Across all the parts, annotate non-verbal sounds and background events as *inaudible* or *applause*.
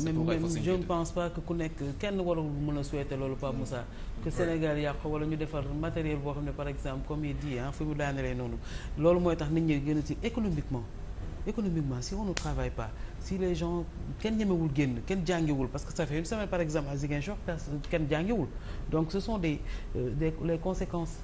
même même je ne pense pas que ku nekk kenn warul mën a souhaiter loolu Pape Moussa. que Sénégal yàqu wala ñu defar matériel boo xam ne par exemple comme il dit ah fu mu daanelee noonu. loolu mooy tax nit ñi gën a ci économiquement économiquement si on ne travaille pas si les gens kenn ñemewul génn kenn jàngiwul parce que ça fait une semaine par exemple à Ziguinchor kenn jàngiwul donc ce sont des euh, des conséquences.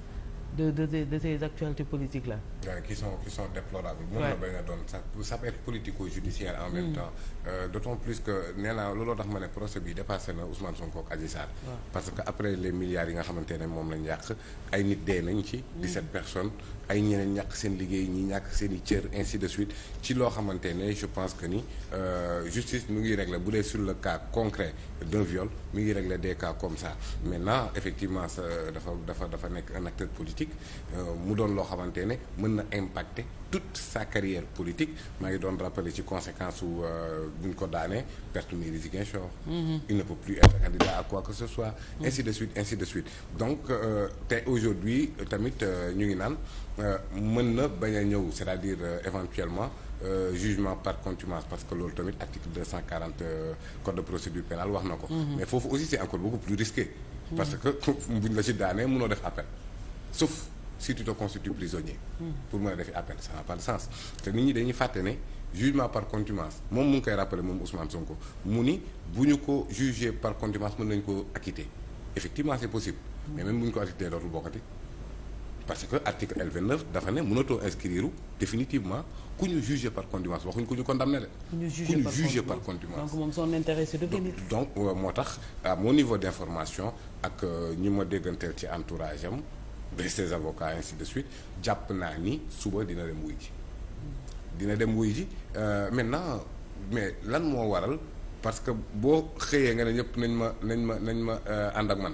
de de de de ces actualités politiques là. waaw qui sont qui sont déplorables. waaw mën na bañ a doon ça ça peut être politico-judiciaire. en même hmm. temps euh, d'autant plus que nee naa looloo tax ma ne procès bi dépassé na Ousmane Sonko ak Adji Sarr. parce que après les milliards yi nga xamante ne moom lañ yàq ay nit dee nañ ci. 17 hmm. personnes ay ñeneen ñàkk seen liggéey ñi ñàkk seen i cër ainsi de suite ci loo xamante ne je pense que ni euh, justice mu ngi régler bu dee sur le cas concret d'un viol mu ngi régler des cas comme ça maintenant effectivement ça dafa dafa dafa nekk un acteur politique. politique euh, mu doon loo xamante ne mën na impacter toute sa carrière politique maa ngi doon rappeler ci conséquence wu euh, buñ ko daanee perte mairie Ziguinchor mm-hmm. il ne peut plus être candidat à quoi que ce soit mm-hmm. ainsi de suite ainsi de suite donc euh, te aujourd'hui tamit ñu ngi naan mën na bañ a ñëw c'est-à-dire éventuellement Euh, jugement par contumace parce que loolu tamit article 240 euh, code de procédure pénale wax na ko mm-hmm. mais foofu aussi c'est encore beaucoup plus risqué parce que *laughs* buñ la ci daanee mënoo def appel sauf si tu te constitues prisonnier. Hmm. pour mën a def appel ça n'a pas de sens te nit ñi dañuy fàtte ne jugement par contumace moom mu ngi koy rappelé moom Ousmane Sonko mu ni bu ñu ko jugé par contumace mën nañ ko acquitter effectivement c'est possible. Hmm. mais même bu ñu ko acquitter dootul bokkati. parce que article L29 dafa ne mënatoo inscrire définitivement ku ñu jugé par contumace waxuñ ku ñu condamné de. ku ñu jugé par contumace donc moo niveau d'information ak euh, ñi ma dégganteel ci entourage am. vers ses avocats ainsi de suite jàpp naa ni suba dina dem wuy ji dina dem wuy ji euh, maintenant mais lan moo waral parce que boo xëyee nga ne ñëpp nañ ma nañ ma nañ ma euh, ànd ak man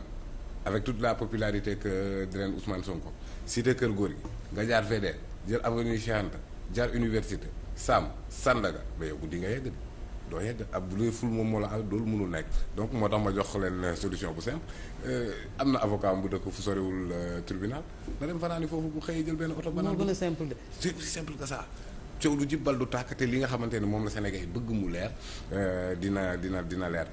avec toute la popularité que draine Ousmane Sonko cité Kër Góor gi nga jaar VDN jël avenue Cheikh Anta jaar université Sam Sandaga ba yow guddi yegg de doo yegg ab bu dee ful moom moo la ah doolu mënul nekk donc moo tax ma jox leen euh, solution bu simple euh, am na avocat bu dëkk fu sorewul euh, tribunal na dem fanaani foofu bu xëyee jël benn oto. banaan moo gën a simple de. c'est plus simple que ça. coow lu jibbal du tàkkate li nga xamante ne moom la Sénégal yi bëgg mu leer dina dina dina leer.